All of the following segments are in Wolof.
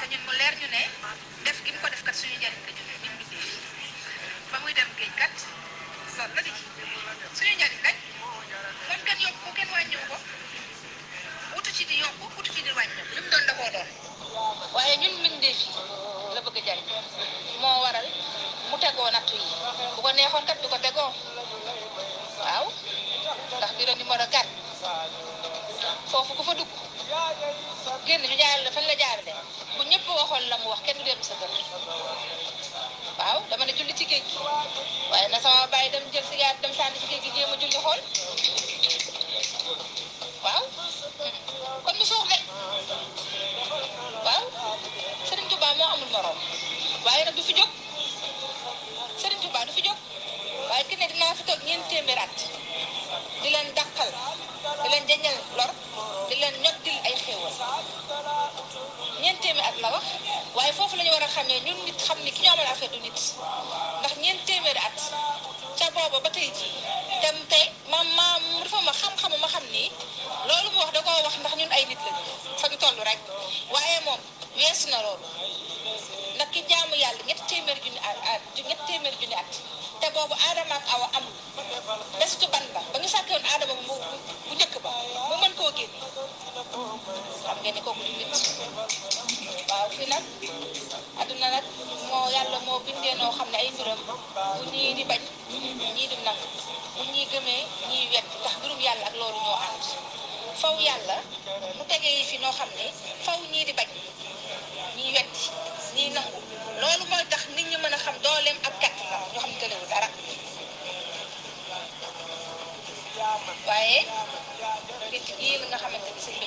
te ñun mu leer ñu ne def gi mu ko def kat suñu njariñ lañ kon kenn yokk ko kenn wàññiwu ko wutu ci di yokk wutu ci di wàññi li mu doon da doon waaye ñun bindee fi la bëgg a jariñ moo waral mu tegoo nattu yi bu ko neexoon kat du ko tegoo waaw ndax biro numéro 4 foofu ku fa dugg génn ñu jaarale fan la jaarale bu ñëpp waxoon la mu wax kenn du leen sa gëm waaw dama ne julli ci géej gi waaye na sama bàyyi dem jël sigaar dem sànni ci géej gi jéem a julli xool waaw kon mu suux waaw Serigne Touba moo amul morom waaye nag du fi jóg Serigne Touba du fi jóg waaye ki dinaa fi toog ñeent téeméer di leen dàqal di leen jañal lor di leen téeméer at la wax waaye foofu lañu war a xamee ñun nit xam ni ki ñu amal affaire du nit ndax ñeent téeméeri at ca booba ba tey ji te tey maam maam dafa ma xam-xamu ma xam ni loolu mu wax da koo wax ndax ñun ay nit lañu fa ñu toll rek waaye moom weesu na loolu ndax ki jaamu yàlla ñetti téeméer junni at ah, téeméer junni at te boobu aadama ak amul besitu ban ba ba ñu sàkkee aadama bu bu njëkk ba mu mën koo génn xam ngeen ni kooku nit nag moo yàlla moo bindee noo xam ne ay mbiram bu ñii di bañ ñii di nangu bu ñii gëmee ñii wet ndax mbirum yàlla ak loolu ñoo ànd faw yàlla mu tegee yi fi noo xam ne faw ñii di bañ ñii nangu loolu mooy tax nit ñi mën a xam dooleem ak gàtt na ñoo xam ne tëlewul dara waaye nit yii la nga xamante ni sëñ bi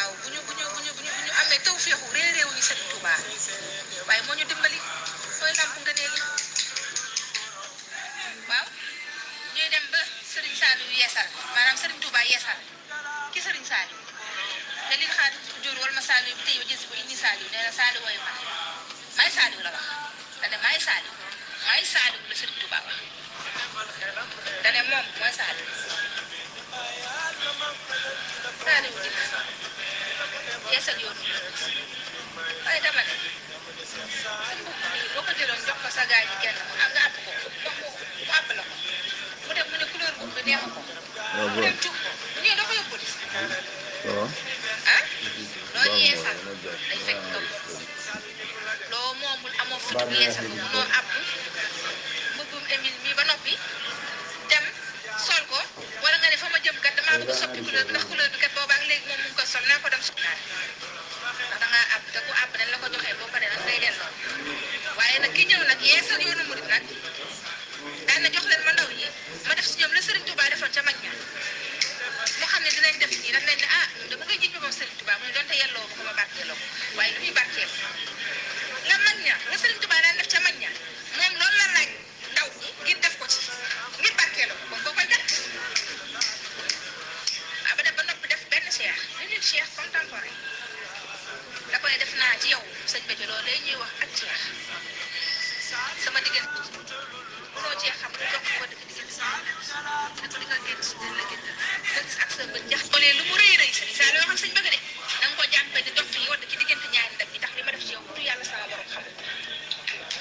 waaw bu ñu bu ñu bu ñu bu ñu amee tawféexu réeréewuñu seen Touba waaye moo ñu dimbali mooy làmp nga léegi waaw ñuy dem ba Serigne Saliou yeesal maanaam Serigne Touba yeesal ki Serigne Saliou te li nga xam ne jur wala ma Saliou bi tey ba gis ko indi Saliou nee na Saliou wayu ma maay Saliou la wax da ne maay Saliou maay Saliou la Serigne Touba wax da ne moom mooy Saliou Saliou yeesal yoonu waaye dama ne mu nga àpp mu àpp la mu ne couleur mu ne da ko yóbbu ah loolu yeesal day fekk ko loo moomul amoo futu bu yeesal ko munoo àpp ba noppi dem sol ko wala nga ne fa ma jëm kat damaa bëgg soppi couleur bi ndax couleur bi kat boobaa sol naa ko dem soxlaa ah. ndax da ngaa àpp te ku àpp dañ la ko joxee boo paree nag day delloo waaye nag ki ñëw nag yeesal yoonu murit nag daan na jox leen ma ndaw yi ma def si ñoom la Serigne Touba defoon ca mag ña moo xam ne dinañ def nii daf leen ne ah ñun de bu ngay jiñ ba moom mu ne donte yelloo ko ba ma bàkkeeloo ko waaye lu muy bàkkeel la mag ña la Serigne nga génn si dënn la génn nga gis ak sa bët jaxalee lu mu rëy rëy sëñ Saliou loo xam sëñ bëgg de da nga ko jàppe ni dox yi wadd ci diggante ñaari ndab yi tax li ma def ci yow ku du yàlla sama borom xamul te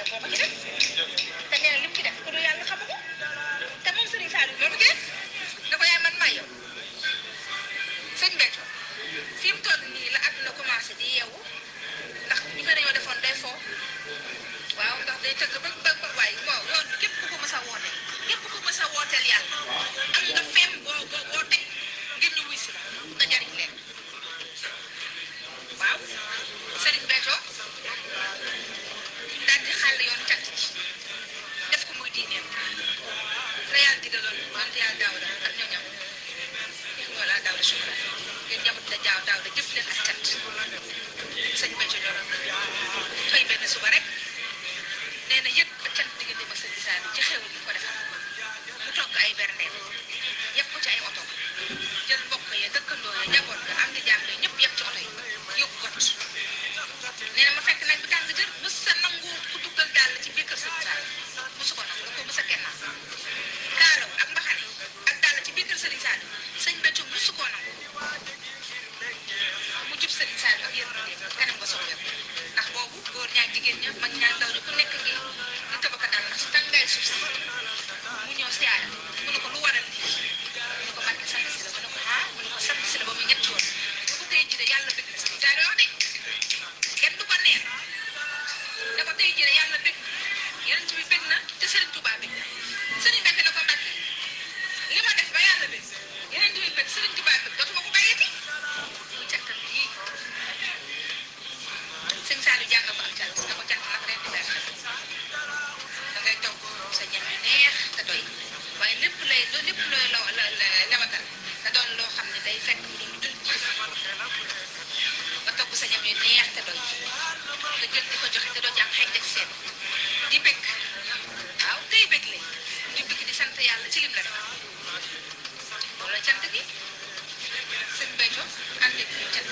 moo ko ci def te nee na li mu ci def ku du yàlla xamu ko te moom sëriñ Saliou loolu ngeen da ko yaay man may yow sëñ Béthio fi mu toll nii la àdduna commencé di yeewu ndax ñu ko dañoo defoon day foo waaw ndax day tëgg ba ba waaye waaw yoon bi képp ku ko mës a woone sa wooteel yàlla am nga feem boo boo boo teg ngir ñu wuy si nga jariñ leen waaw Serigne Beto daal di xàll yoon cat def ko muy diineem te yàlla digaloon wante yàlla daaw la ak ñooñam wala daaw da jëf leen ak cat sëñ Beto ñoroon xëy benn suba rek nee na yëg ba cat diggante ba sëñ Saar bi ci xew li ko defal mu togg ay berndeel yëpp ci ay oto jël mbokk ya dëkkandoo ya njaboot ga am di jàng yooyu ñëpp yëpp ci oto yi yóbbu got nee na ma fekk sa nangu ku duggal dàll ci biir kër sëñ Saal mosu ko nag da ko mës a kenn kaalaw ak mbaxane ak dàll ci biir kër sëriñ Saal sëñ ko nag mu jub sëriñ ndax boobu góor ñaak jigéen ña mag ñaak ndaw ñi ku nekk ngi di tëbaka dàll ndax suuf si Oceano. taw sa ñax neex te doy waaye lépp lay lépp looy law la lewatal nga doon loo xam ne day fekk lu dul ba togg sa di ko joxe la sant yàlla ci lim la def la cant gi seen béykat ànd ak ñu cant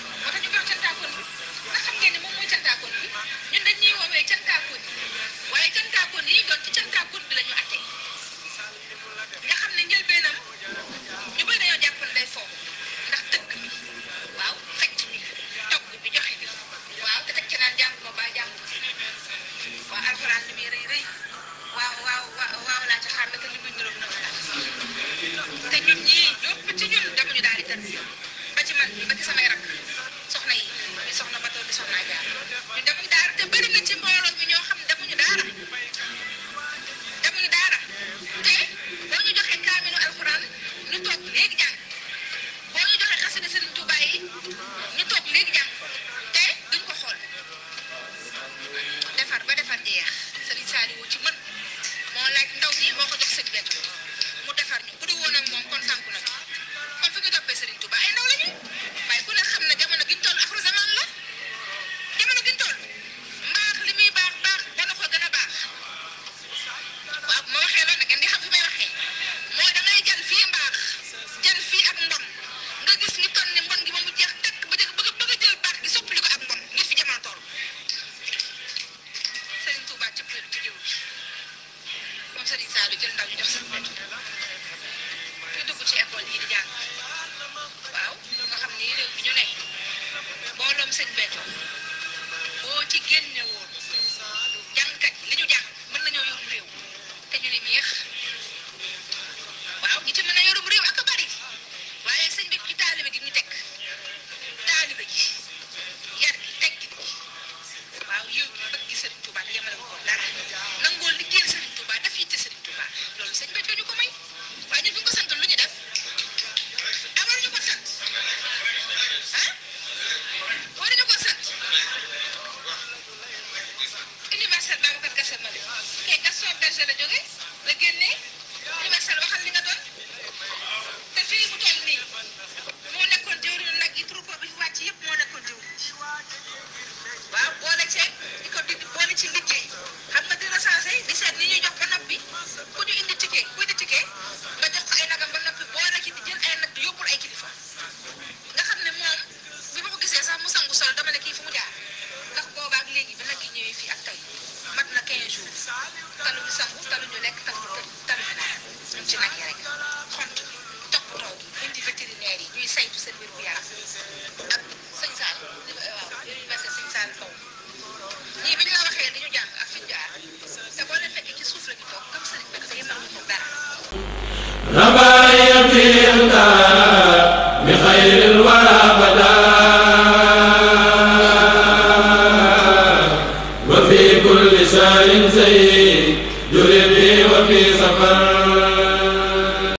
Rama